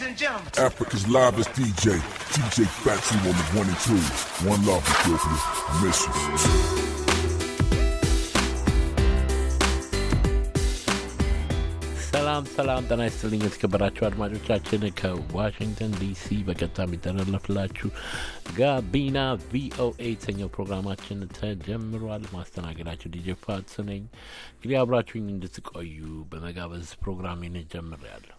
ladies and gentlemen. Africa's livest DJ, DJ Fatu on the one and two. One love, Ethiopia. I miss you. DC, ሰላም ጤና ይስጥልኝ የተከበራችሁ አድማጮቻችን ከዋሽንግተን ዲሲ በቀጥታ የሚተላለፍላችሁ ጋቢና ቪኦኤ የተሰኘው ፕሮግራማችን ተጀምሯል። ማስተናገዳችሁ ዲጄ ፋት ነኝ። እንግዲህ አብራችሁኝ እንድትቆዩ በመጋበዝ ፕሮግራሜን ጀምሬያለሁ።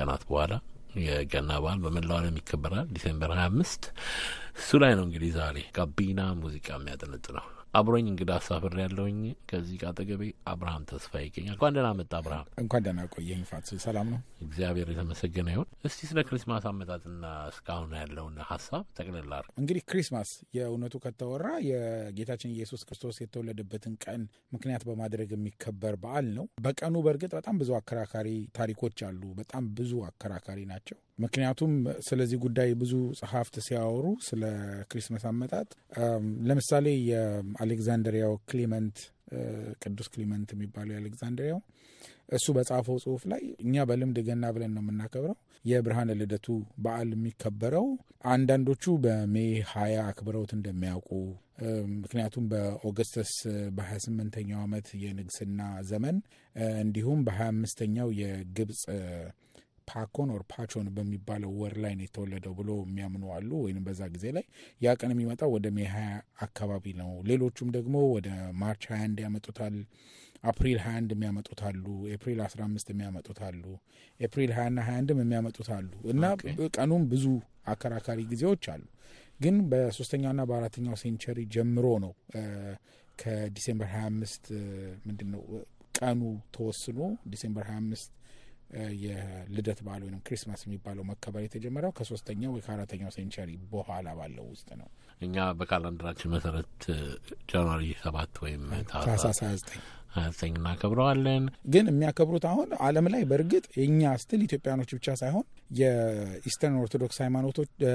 ቀናት በኋላ የገና በዓል በመላው ዓለም ይከበራል። ዲሴምበር ሀያ አምስት እሱ ላይ ነው እንግዲህ ዛሬ ጋቢና ሙዚቃ የሚያጠነጥ ነው። አብሮኝ እንግዲህ አሳፍሬ ያለውኝ ከዚህ አጠገቤ አብርሃም ተስፋ ይገኛል። እንኳን ደህና መጣ አብርሃም። እንኳን ደህና ቆየኝ ፋት። ሰላም ነው፣ እግዚአብሔር የተመሰገነ ይሁን። እስቲ ስለ ክሪስማስ አመጣጥና እስካሁን ያለውን ሀሳብ ጠቅልል እንግዲህ ክሪስማስ የእውነቱ ከተወራ የጌታችን ኢየሱስ ክርስቶስ የተወለደበትን ቀን ምክንያት በማድረግ የሚከበር በዓል ነው። በቀኑ በእርግጥ በጣም ብዙ አከራካሪ ታሪኮች አሉ። በጣም ብዙ አከራካሪ ናቸው። ምክንያቱም ስለዚህ ጉዳይ ብዙ ጸሐፍት ሲያወሩ ስለ ክሪስማስ አመጣጥ ለምሳሌ የአሌክዛንድሪያው ክሊመንት ቅዱስ ክሊመንት የሚባለው የአሌክዛንድሪያው እሱ በጻፈው ጽሁፍ ላይ እኛ በልምድ ገና ብለን ነው የምናከብረው። የብርሃነ ልደቱ በዓል የሚከበረው አንዳንዶቹ በሜይ ሀያ አክብረውት እንደሚያውቁ ምክንያቱም በኦገስተስ በ28ኛው ዓመት የንግስና ዘመን እንዲሁም በ 25 ምስተኛው የግብፅ ፓኮን ኦር ፓቾን በሚባለው ወር ላይ ነው የተወለደው ብሎ የሚያምኑ አሉ። ወይም በዛ ጊዜ ላይ ያ ቀን የሚመጣው ወደ ሜ ሀያ አካባቢ ነው። ሌሎቹም ደግሞ ወደ ማርች ሀያ አንድ ያመጡታል። አፕሪል 21 የሚያመጡት አሉ። ኤፕሪል 15 የሚያመጡት አሉ። ኤፕሪል ሀያ ና 21 የሚያመጡት አሉ እና ቀኑም ብዙ አከራካሪ ጊዜዎች አሉ። ግን ና በአራተኛው ሴንቸሪ ጀምሮ ነው ከዲሴምበር 25 ምንድን ነው ቀኑ ተወስኖ ዲሴምበር 25 የልደት በዓል ወይም ክሪስማስ የሚባለው መከበር የተጀመረው ከሶስተኛው ወይ ከአራተኛው ሴንቸሪ በኋላ ባለው ውስጥ ነው። እኛ በካላንደራችን መሰረት ጃንዋሪ ሰባት ወይም ታህሳስ ሀያ ዘጠኝ ሀያ ዘጠኝ እናከብረዋለን። ግን የሚያከብሩት አሁን ዓለም ላይ በእርግጥ የእኛ ስትል ኢትዮጵያኖች ብቻ ሳይሆን የኢስተርን ኦርቶዶክስ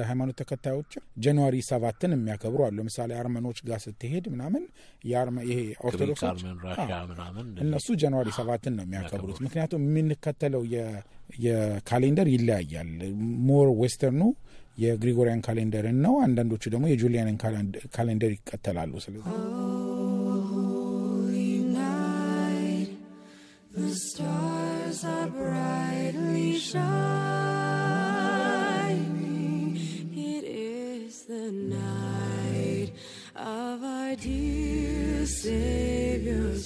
ሃይማኖት ተከታዮች ጃንዋሪ ሰባትን የሚያከብሩ አሉ። ለምሳሌ አርመኖች ጋር ስትሄድ ምናምን ይሄ ኦርቶዶክሶች እነሱ ጃንዋሪ ሰባትን ነው የሚያከብሩት። ምክንያቱም የምንከተለው የካሌንደር ይለያያል። ሞር ዌስተርኑ የግሪጎሪያን ካሌንደርን ነው። አንዳንዶቹ ደግሞ የጁሊያንን ካሌንደር ይከተላሉ። ስለዚህ The stars are brightly shining. the night of our dear Savior's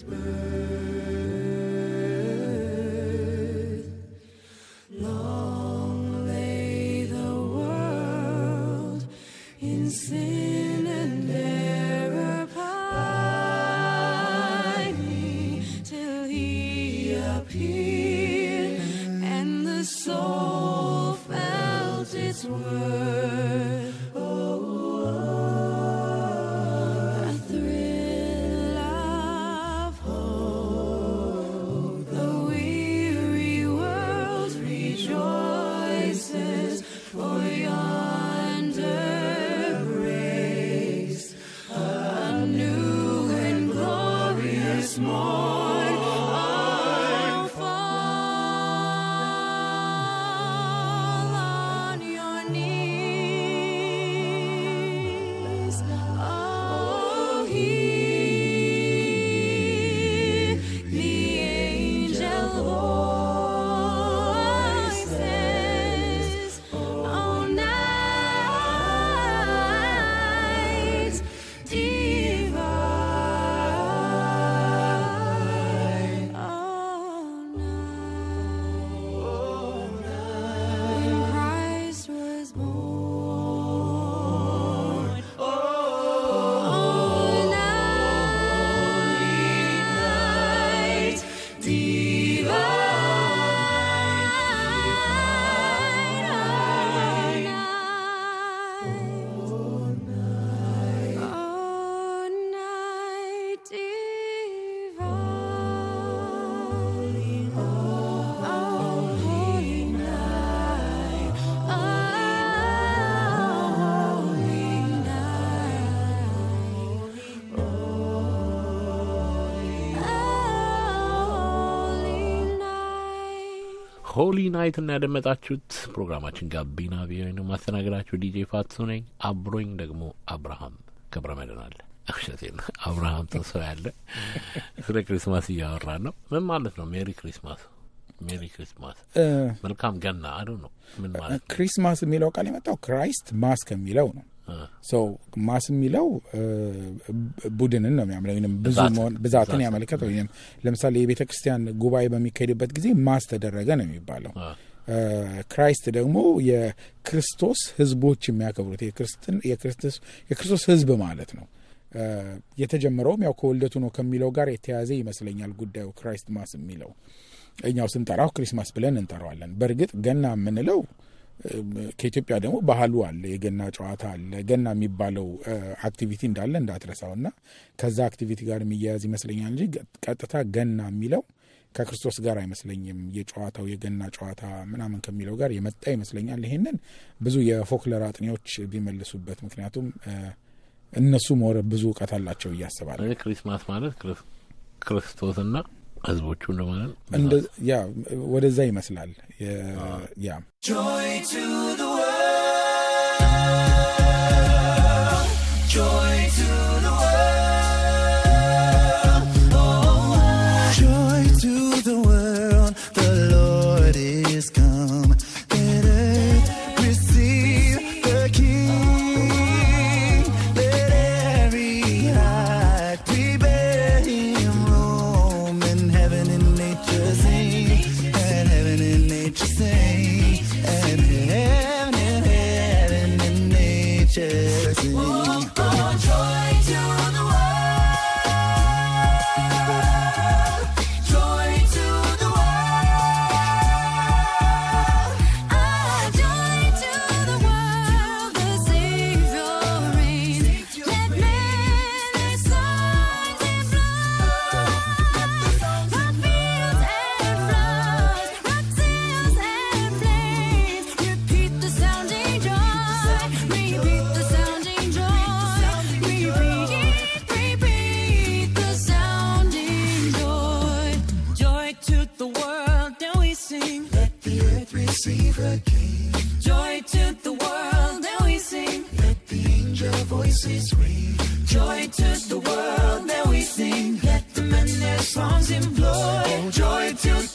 ሆሊ ናይት ያደመጣችሁት ፕሮግራማችን ጋቢና ቪኦኤ ነው። ማስተናገዳችሁ ዲጄ ፋቱ ነኝ። አብሮኝ ደግሞ አብርሃም ክብረ መድን አለ። እውነቴን አብርሃም ተሰው ያለ ስለ ክሪስማስ እያወራን ነው። ምን ማለት ነው? ሜሪ ክሪስማስ፣ ሜሪ ክሪስማስ፣ መልካም ገና አሉ ነው። ምን ማለት ክሪስማስ የሚለው ቃል የመጣው ክራይስት ማስ ከሚለው ነው። ሰው ማስ የሚለው ቡድንን ነው የሚያምለ ወይም ብዙ መሆን ብዛትን ያመለከት ወይም ለምሳሌ የቤተ ክርስቲያን ጉባኤ በሚካሄድበት ጊዜ ማስ ተደረገ ነው የሚባለው። ክራይስት ደግሞ የክርስቶስ ህዝቦች የሚያከብሩት የክርስቶስ ህዝብ ማለት ነው። የተጀመረውም ያው ከውልደቱ ነው ከሚለው ጋር የተያዘ ይመስለኛል ጉዳዩ ክራይስት ማስ የሚለው እኛው ስንጠራው ክሪስማስ ብለን እንጠራዋለን። በእርግጥ ገና የምንለው ከኢትዮጵያ ደግሞ ባህሉ አለ። የገና ጨዋታ አለ። ገና የሚባለው አክቲቪቲ እንዳለ እንዳትረሳው እና ከዛ አክቲቪቲ ጋር የሚያያዝ ይመስለኛል እንጂ ቀጥታ ገና የሚለው ከክርስቶስ ጋር አይመስለኝም። የጨዋታው የገና ጨዋታ ምናምን ከሚለው ጋር የመጣ ይመስለኛል። ይሄንን ብዙ የፎክለር አጥኚዎች ቢመልሱበት፣ ምክንያቱም እነሱ ሞረ ብዙ እውቀት አላቸው እያስባለ ክሪስማስ ማለት ክርስቶስና ህዝቦቹ እንደማለት ያ ወደዛ ይመስላል ያ to the world, now we sing. Let the madness songs employ. Joy to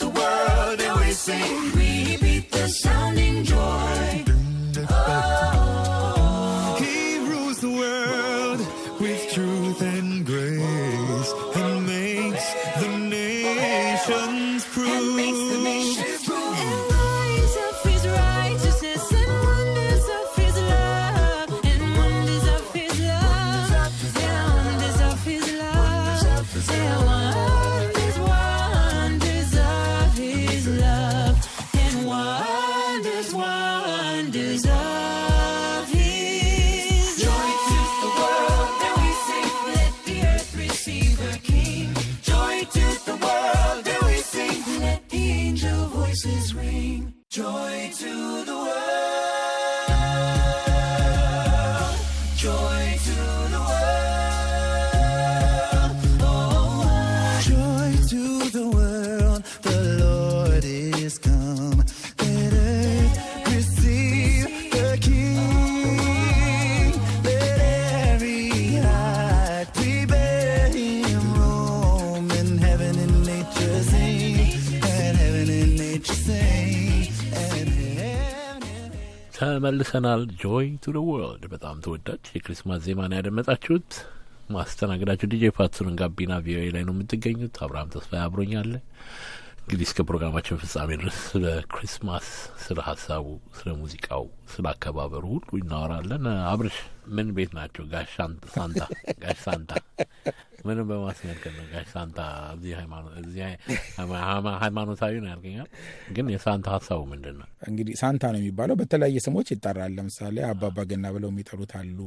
ተመልሰናል። ጆይ ቱ ደ ወርልድ በጣም ተወዳጅ የክሪስማስ ዜማ ነው ያደመጣችሁት። ማስተናግዳችሁ ዲጄ ፓትሱን ጋቢና ቪኦኤ ላይ ነው የምትገኙት። አብርሃም ተስፋ አብሮኛለ። እንግዲህ እስከ ፕሮግራማችን ፍጻሜ ድረስ ስለ ክሪስማስ፣ ስለ ሀሳቡ፣ ስለ ሙዚቃው፣ ስለ አከባበሩ ሁሉ እናወራለን። አብርሽ ምን ቤት ናቸው? ጋሽ ሳንታ ጋሽ ሳንታ ምንም በማስመልከት ነው። ጋሽ ሳንታ እዚህ ሃይማኖታዊ ነው ያልገኛል። ግን የሳንታ ሀሳቡ ምንድን ነው? እንግዲህ ሳንታ ነው የሚባለው በተለያየ ስሞች ይጠራል። ለምሳሌ አባባ ገና ብለው የሚጠሩት አሉ፣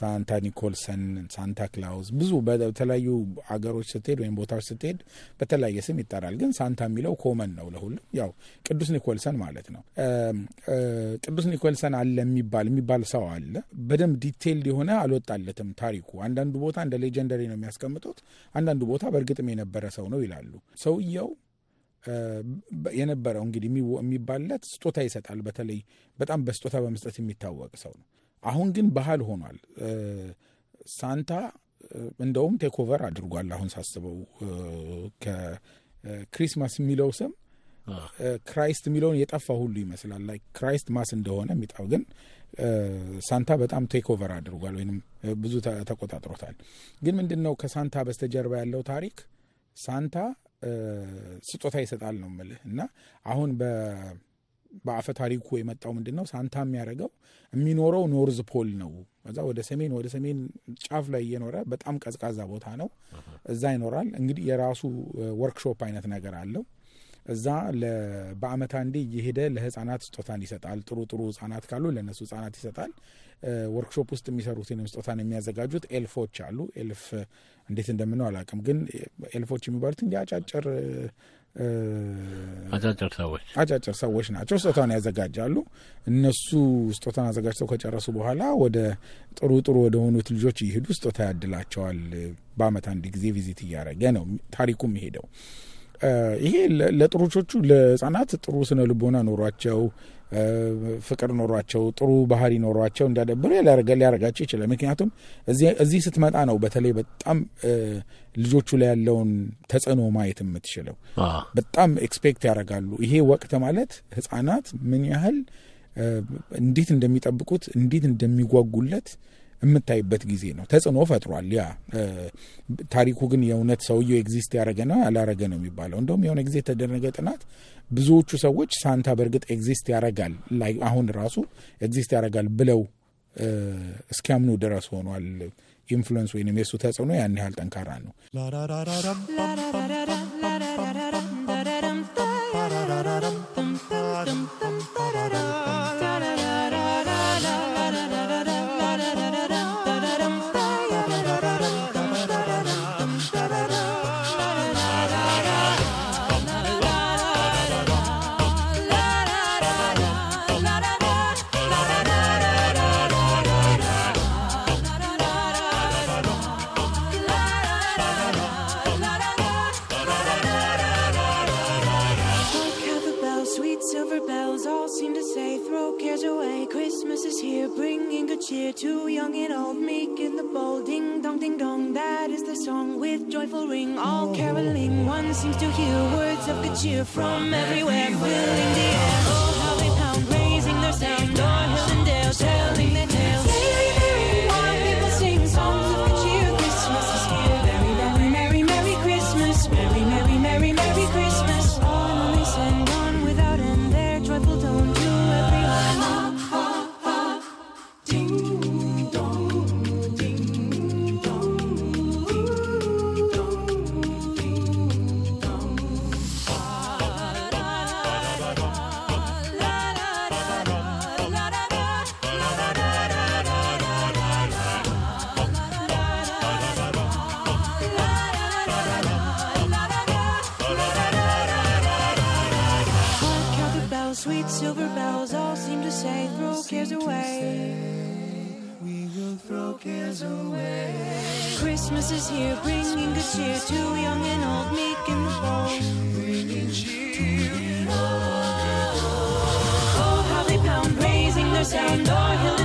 ሳንታ ኒኮልሰን፣ ሳንታ ክላውስ፣ ብዙ በተለያዩ አገሮች ስትሄድ ወይም ቦታዎች ስትሄድ በተለያየ ስም ይጠራል። ግን ሳንታ የሚለው ኮመን ነው ለሁሉም፣ ያው ቅዱስ ኒኮልሰን ማለት ነው። ቅዱስ ኒኮልሰን አለ የሚባል የሚባል ሰው አለ በደንብ ዲቴይልድ የሆነ አልወጣለትም ታሪኩ። አንዳንዱ ቦታ እንደ ሌጀንደሪ ነው የሚያስቀምጡት፣ አንዳንዱ ቦታ በእርግጥም የነበረ ሰው ነው ይላሉ። ሰውየው የነበረው እንግዲህ የሚባልለት ስጦታ ይሰጣል። በተለይ በጣም በስጦታ በመስጠት የሚታወቅ ሰው ነው። አሁን ግን ባህል ሆኗል። ሳንታ እንደውም ቴክኦቨር አድርጓል። አሁን ሳስበው ከክሪስማስ የሚለው ስም ክራይስት የሚለውን የጠፋ ሁሉ ይመስላል። ክራይስት ማስ እንደሆነ የሚጣው ግን ሳንታ በጣም ቴክ ኦቨር አድርጓል ወይም ብዙ ተቆጣጥሮታል። ግን ምንድን ነው ከሳንታ በስተጀርባ ያለው ታሪክ? ሳንታ ስጦታ ይሰጣል ነው ምልህ እና አሁን በአፈ ታሪኩ የመጣው ምንድን ነው ሳንታ የሚያደርገው የሚኖረው ኖርዝ ፖል ነው። እዛ ወደ ሰሜን ወደ ሰሜን ጫፍ ላይ እየኖረ በጣም ቀዝቃዛ ቦታ ነው፣ እዛ ይኖራል። እንግዲህ የራሱ ወርክሾፕ አይነት ነገር አለው እዛ በአመት አንዴ እየሄደ ለህጻናት ስጦታን ይሰጣል። ጥሩ ጥሩ ህጻናት ካሉ ለእነሱ ህጻናት ይሰጣል። ወርክሾፕ ውስጥ የሚሰሩትንም ስጦታን የሚያዘጋጁት ኤልፎች አሉ። ኤልፍ እንዴት እንደምነው አላውቅም፣ ግን ኤልፎች የሚባሉት እንዲ አጫጭር አጫጭር ሰዎች አጫጭር ሰዎች ናቸው። ስጦታን ያዘጋጃሉ። እነሱ ስጦታን አዘጋጅተው ከጨረሱ በኋላ ወደ ጥሩ ጥሩ ወደ ሆኑት ልጆች እየሄዱ ስጦታ ያድላቸዋል። በአመት አንድ ጊዜ ቪዚት እያደረገ ነው ታሪኩም ይሄደው ይሄ ለጥሩቾቹ ለህጻናት ጥሩ ስነ ልቦና ኖሯቸው ፍቅር ኖሯቸው ጥሩ ባህሪ ኖሯቸው እንዲያደብሩ ሊያደርጋቸው ይችላል። ምክንያቱም እዚህ ስትመጣ ነው በተለይ በጣም ልጆቹ ላይ ያለውን ተጽዕኖ ማየት የምትችለው። በጣም ኤክስፔክት ያደርጋሉ። ይሄ ወቅት ማለት ህጻናት ምን ያህል እንዴት እንደሚጠብቁት እንዴት እንደሚጓጉለት የምታይበት ጊዜ ነው። ተጽዕኖ ፈጥሯል። ያ ታሪኩ ግን የእውነት ሰውየው ኤግዚስት ያደረገ ነው ያላረገ ነው የሚባለው። እንደውም የሆነ ጊዜ የተደረገ ጥናት ብዙዎቹ ሰዎች ሳንታ በእርግጥ ኤግዚስት ያረጋል ላይ አሁን ራሱ ኤግዚስት ያረጋል ብለው እስኪያምኑ ድረስ ሆኗል። ኢንፍሉንስ ወይም የእሱ ተጽዕኖ ያን ያህል ጠንካራ ነው። ding dong, that is the song with joyful ring. All caroling, one seems to hear words of good cheer from everywhere, Willing the air. silver bells all seem to say, throw cares away. We will throw cares away. Christmas is here, bringing good cheer to young and old, meek and the bold. Bringing cheer. Oh, how they pound, raising their sound, o'er hill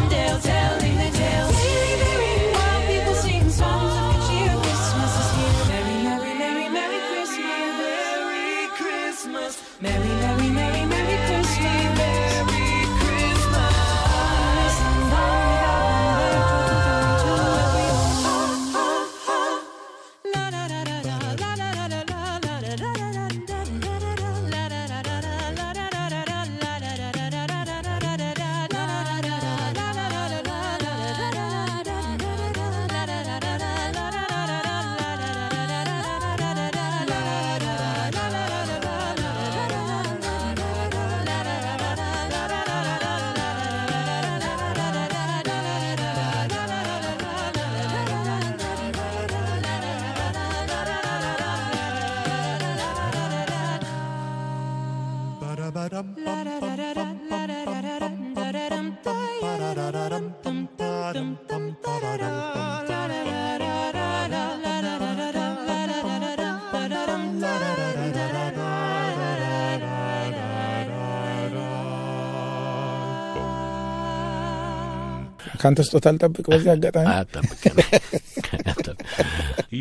ከአንተ ስጦታ አልጠብቅ። በዚህ አጋጣሚ አጠብቅ።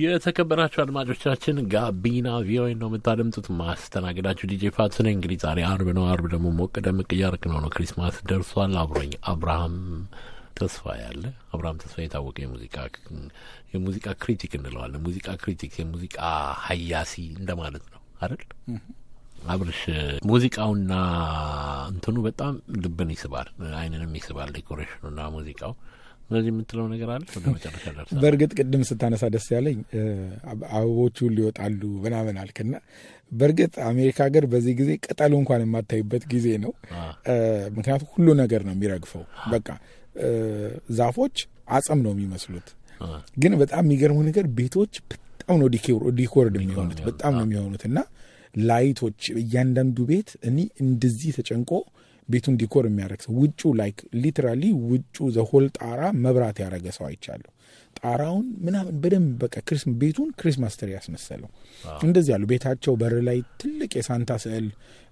የተከበራችሁ አድማጮቻችን ጋቢና ቪኦኤ ነው የምታደምጡት። ማስተናገዳችሁ ዲጄ ፋት ነኝ። እንግዲህ ዛሬ አርብ ነው። አርብ ደግሞ ሞቅ ደምቅ እያርክ ነው ነው ክሪስማስ ደርሷል። አብሮኝ አብርሃም ተስፋ ያለ አብርሃም ተስፋ የታወቀ የሙዚቃ የሙዚቃ ክሪቲክ እንለዋለን። ሙዚቃ ክሪቲክ የሙዚቃ ሀያሲ እንደማለት ነው አይደል? አብርሽ ሙዚቃውና እንትኑ በጣም ልብን ይስባል፣ አይንንም ይስባል። ዴኮሬሽኑና ሙዚቃው ስለዚህ የምትለው ነገር አለ ወደ መጨረሻ ደርሰናል። በእርግጥ ቅድም ስታነሳ ደስ ያለኝ አበቦቹ ሊወጣሉ ይወጣሉ ምናምን አልክና በእርግጥ አሜሪካ ሀገር በዚህ ጊዜ ቅጠሉ እንኳን የማታዩበት ጊዜ ነው። ምክንያቱም ሁሉ ነገር ነው የሚረግፈው። በቃ ዛፎች አጽም ነው የሚመስሉት። ግን በጣም የሚገርሙ ነገር ቤቶች በጣም ነው ዲኮርድ የሚሆኑት፣ በጣም ነው የሚሆኑት እና ላይቶች፣ እያንዳንዱ ቤት እኔ እንደዚህ ተጨንቆ ቤቱን ዲኮር የሚያደረግ ሰው ውጩ ላይክ ሊትራሊ ውጩ ዘሆል ጣራ መብራት ያደረገ ሰው አይቻለሁ። ጣራውን ምናምን በደንብ በቃ ቤቱን ክሪስማስ ትሪ ያስመሰለው እንደዚህ ያሉ ቤታቸው በር ላይ ትልቅ የሳንታ ስዕል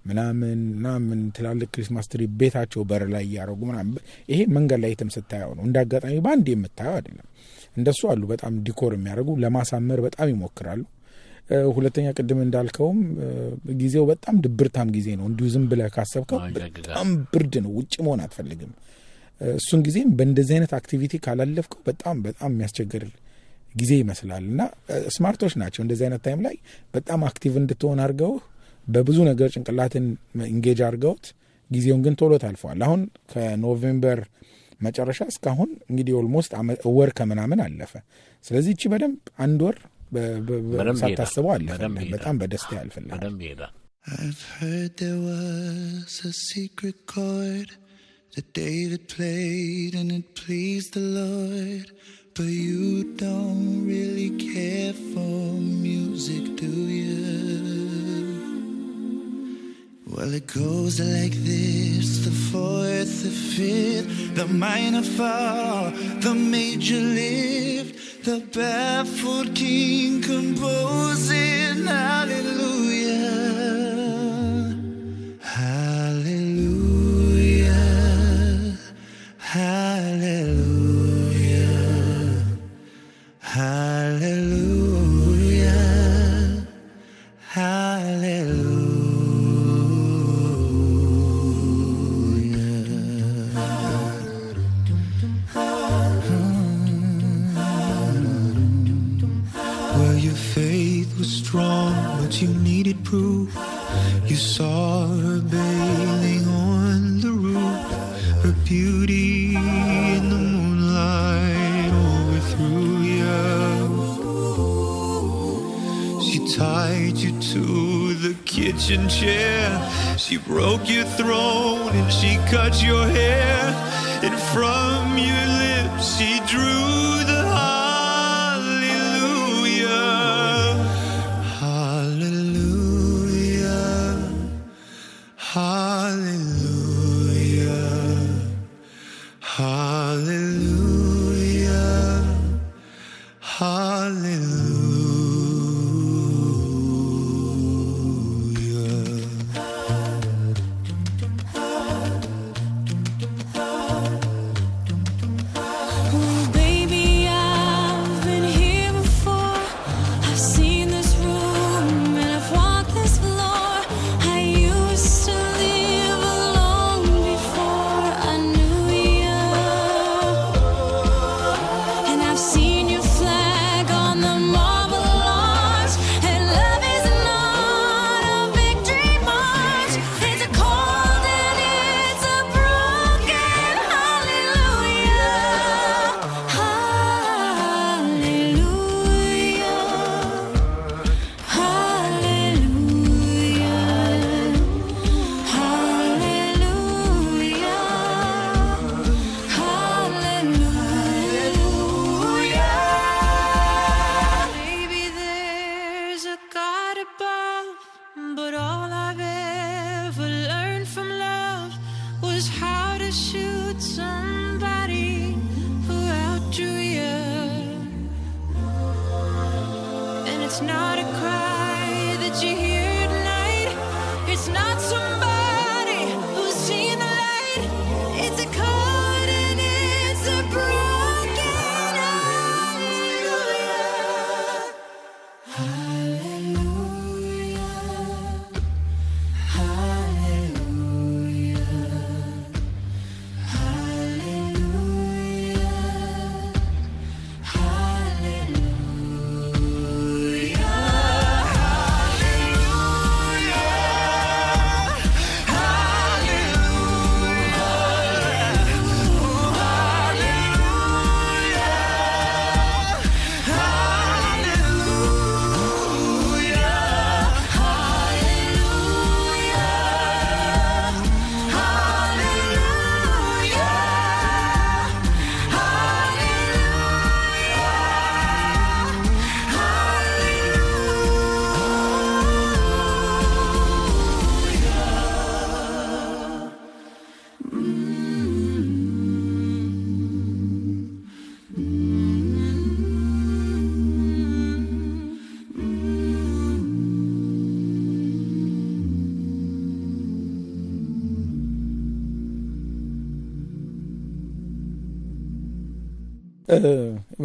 ምናምን ምናምን ትላልቅ ክሪስማስ ትሪ ቤታቸው በር ላይ እያደረጉ ምናምን። ይሄ መንገድ ላይ የትም ስታየው ነው እንደ አጋጣሚ በአንድ የምታየው አይደለም። እንደሱ አሉ በጣም ዲኮር የሚያደርጉ ለማሳመር በጣም ይሞክራሉ። ሁለተኛ ቅድም እንዳልከውም ጊዜው በጣም ድብርታም ጊዜ ነው። እንዲሁ ዝም ብለህ ካሰብከው በጣም ብርድ ነው፣ ውጭ መሆን አትፈልግም። እሱን ጊዜም በእንደዚህ አይነት አክቲቪቲ ካላለፍከው በጣም በጣም የሚያስቸግር ጊዜ ይመስላል እና ስማርቶች ናቸው እንደዚህ አይነት ታይም ላይ በጣም አክቲቭ እንድትሆን አድርገው በብዙ ነገር ጭንቅላትን ኢንጌጅ አድርገውት ጊዜውን ግን ቶሎ ታልፈዋል። አሁን ከኖቬምበር መጨረሻ እስካሁን እንግዲህ ኦልሞስት ወር ከምናምን አለፈ። ስለዚህ እቺ በደንብ አንድ ወር i I've heard there was a secret chord that David played and it pleased the Lord. But you don't really care for music, do you? Well, it goes like this the fourth, the fifth, the minor fall, the major lift, the baffled king composing hallelujah. needed proof. You saw her bathing on the roof, her beauty in the moonlight overthrew you. She tied you to the kitchen chair, she broke your throne and she cut your hair, and from your lips she drew. It's not a crime.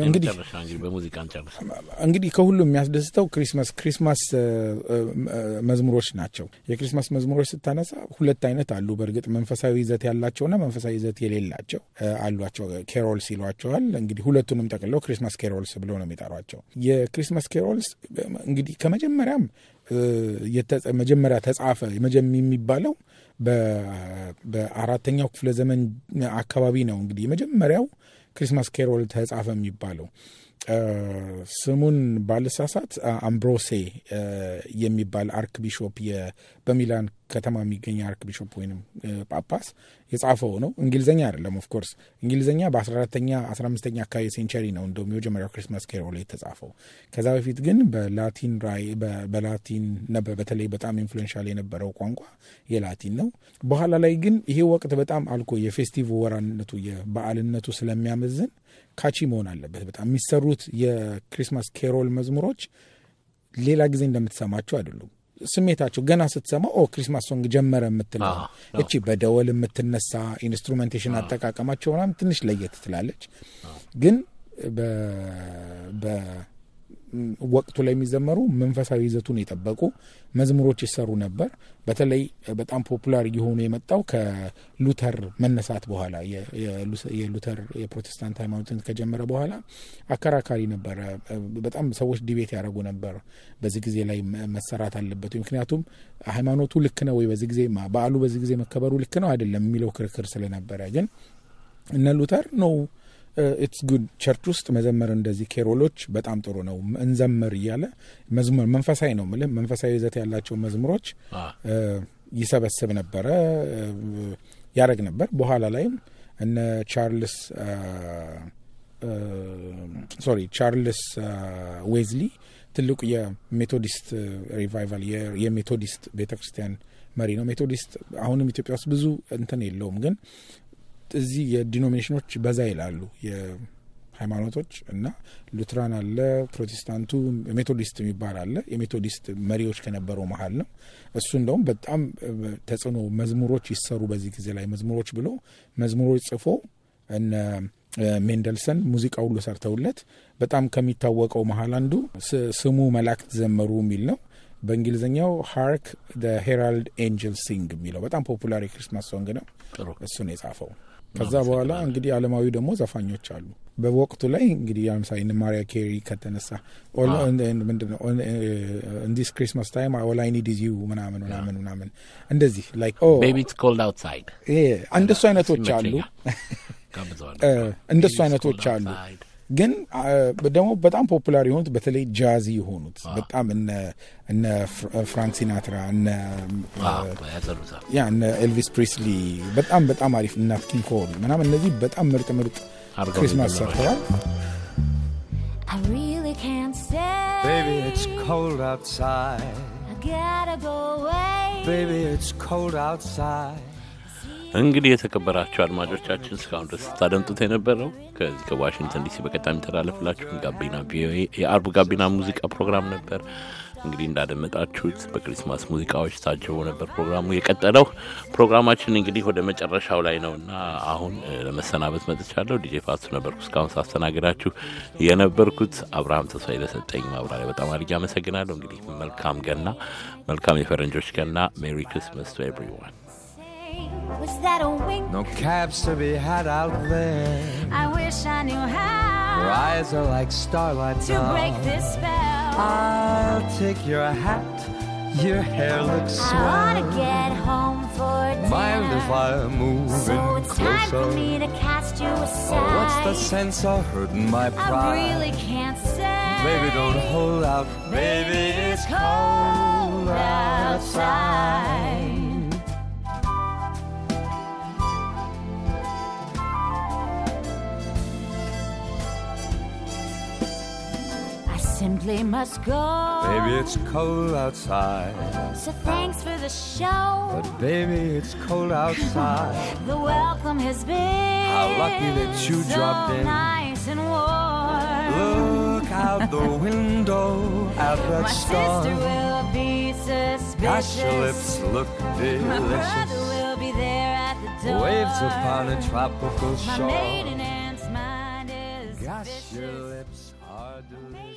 እንግዲህ እንግዲህ ከሁሉም የሚያስደስተው ክሪስማስ ክሪስማስ መዝሙሮች ናቸው። የክሪስማስ መዝሙሮች ስታነሳ ሁለት አይነት አሉ። በእርግጥ መንፈሳዊ ይዘት ያላቸውና መንፈሳዊ ይዘት የሌላቸው አሏቸው። ኬሮልስ ይሏቸዋል። እንግዲህ ሁለቱንም ጠቅለው ክሪስማስ ኬሮልስ ብለው ነው የሚጠሯቸው። የክሪስማስ ኬሮልስ እንግዲህ ከመጀመሪያም መጀመሪያ ተጻፈ የሚባለው በአራተኛው ክፍለ ዘመን አካባቢ ነው። እንግዲህ የመጀመሪያው ክሪስማስ ኬሮል ተጻፈ የሚባለው ስሙን ባልሳሳት አምብሮሴ የሚባል አርክ ቢሾፕ በሚላን ከተማ የሚገኝ አርክ ቢሾፕ ወይም ጳጳስ የጻፈው ነው። እንግሊዝኛ አይደለም ኦፍኮርስ። እንግሊዝኛ በ14ተኛ 15ተኛ አካባቢ ሴንቸሪ ነው እንደውም የመጀመሪያው ክርስማስ ኬሮል የተጻፈው። ከዛ በፊት ግን በላቲን ራይ በላቲን ነበር። በተለይ በጣም ኢንፍሉዌንሻል የነበረው ቋንቋ የላቲን ነው። በኋላ ላይ ግን ይሄ ወቅት በጣም አልኮ የፌስቲቭ ወራነቱ የበዓልነቱ ስለሚያመዝን ካቺ መሆን አለበት። በጣም የሚሰሩት የክሪስማስ ኬሮል መዝሙሮች ሌላ ጊዜ እንደምትሰማቸው አይደሉም። ስሜታቸው ገና ስትሰማ ኦ ክሪስማስ ሶንግ ጀመረ የምትል እቺ በደወል የምትነሳ ኢንስትሩሜንቴሽን አጠቃቀማቸው ምናምን ትንሽ ለየት ትላለች ግን ወቅቱ ላይ የሚዘመሩ መንፈሳዊ ይዘቱን የጠበቁ መዝሙሮች ይሰሩ ነበር። በተለይ በጣም ፖፑላር እየሆኑ የመጣው ከሉተር መነሳት በኋላ የሉተር የፕሮቴስታንት ሃይማኖትን ከጀመረ በኋላ አከራካሪ ነበረ። በጣም ሰዎች ዲቤት ያደረጉ ነበር። በዚህ ጊዜ ላይ መሰራት አለበት፣ ምክንያቱም ሃይማኖቱ ልክ ነው ወይ፣ በዚህ ጊዜ በዓሉ በዚህ ጊዜ መከበሩ ልክ ነው አይደለም የሚለው ክርክር ስለነበረ ግን እነ ሉተር ነው ኢትስ ጉድ ቸርች ውስጥ መዘመር እንደዚህ ኬሮሎች በጣም ጥሩ ነው። እንዘምር እያለ መዝሙር መንፈሳዊ ነው ምልህ መንፈሳዊ ይዘት ያላቸው መዝሙሮች uh, ይሰበስብ ነበረ uh, ያደረግ ነበር። በኋላ ላይም እነ ቻርልስ ሶሪ uh, ቻርልስ ዌዝሊ ትልቁ የሜቶዲስት ሪቫይቫል የሜቶዲስት ቤተ ክርስቲያን መሪ ነው። ሜቶዲስት አሁንም ኢትዮጵያ ውስጥ ብዙ እንትን የለውም፣ ግን እዚህ የዲኖሚኔሽኖች በዛ ይላሉ የሃይማኖቶች እና ሉትራን አለ፣ ፕሮቴስታንቱ ሜቶዲስት የሚባል አለ። የሜቶዲስት መሪዎች ከነበረው መሀል ነው እሱ። እንደውም በጣም ተጽዕኖ መዝሙሮች ይሰሩ በዚህ ጊዜ ላይ መዝሙሮች ብሎ መዝሙሮች ጽፎ እነ ሜንደልሰን ሙዚቃ ሁሉ ሰርተውለት በጣም ከሚታወቀው መሀል አንዱ ስሙ መላእክት ዘመሩ የሚል ነው። በእንግሊዝኛው ሃርክ ሄራልድ ኤንጀል ሲንግ የሚለው በጣም ፖፑላር የክርስማስ ሶንግ ነው። እሱን የጻፈው ከዛ በኋላ እንግዲህ አለማዊ ደግሞ ዘፋኞች አሉ። በወቅቱ ላይ እንግዲህ ለምሳሌ ማሪያ ኬሪ ከተነሳ ምንድነው እንዲስ ክሪስማስ ታይም ኦላይኒ ዲዚዩ ምናምን ምናምን ምናምን እንደዚህ oh እንደሱ አይነቶች አሉ እንደሱ አይነቶች አሉ ግን ደግሞ በጣም ፖፑላር የሆኑት በተለይ ጃዚ የሆኑት በጣም እነ ፍራንክ ሲናትራ እነ ኤልቪስ ፕሪስሊ በጣም በጣም አሪፍ እናት ኪንግ ኮል ምናምን እነዚህ በጣም ምርጥ ምርጥ ክሪስማስ ሰርተዋል። I really can't stay. Baby, it's cold outside. I gotta go away. Baby, it's cold outside. እንግዲህ የተከበራችሁ አድማጮቻችን እስካሁን ድረስ ስታደምጡት የነበረው ከዚህ ከዋሽንግተን ዲሲ በቀጣሚ የሚተላለፍላችሁ ጋቢና ቪኦኤ የአርቡ ጋቢና ሙዚቃ ፕሮግራም ነበር። እንግዲህ እንዳደመጣችሁት በክሪስማስ ሙዚቃዎች ታጅቦ ነበር ፕሮግራሙ የቀጠለው። ፕሮግራማችን እንግዲህ ወደ መጨረሻው ላይ ነው እና አሁን ለመሰናበት መጥቻለሁ። ዲጄ ፋሱ ነበርኩ እስካሁን ሳስተናግዳችሁ የነበርኩት። አብርሃም ተስፋ ለሰጠኝ ማብራሪያ በጣም አድርጌ አመሰግናለሁ። እንግዲህ መልካም ገና፣ መልካም የፈረንጆች ገና። ሜሪ ክሪስማስ ቱ ኤቭሪዋን No cabs to be had out there. I wish I knew how. Your eyes are like starlight to now. break this spell. I'll take your hat. Your hair looks swell. I want to get home for dinner. Mind if I move so it's closer? time for me to cast you aside. Oh, what's the sense of hurting my pride? I really can't say. Baby, don't hold out. Baby, it's cold outside. simply must go. Baby, it's cold outside. So thanks for the show. But baby, it's cold outside. the welcome has been how lucky that you so dropped in. Nice and warm. Look out the window at that My sister will be suspicious. Gosh, your lips look delicious. My brother will be there at the door. Waves upon a tropical shore. My maiden aunt's mind is Gosh, vicious.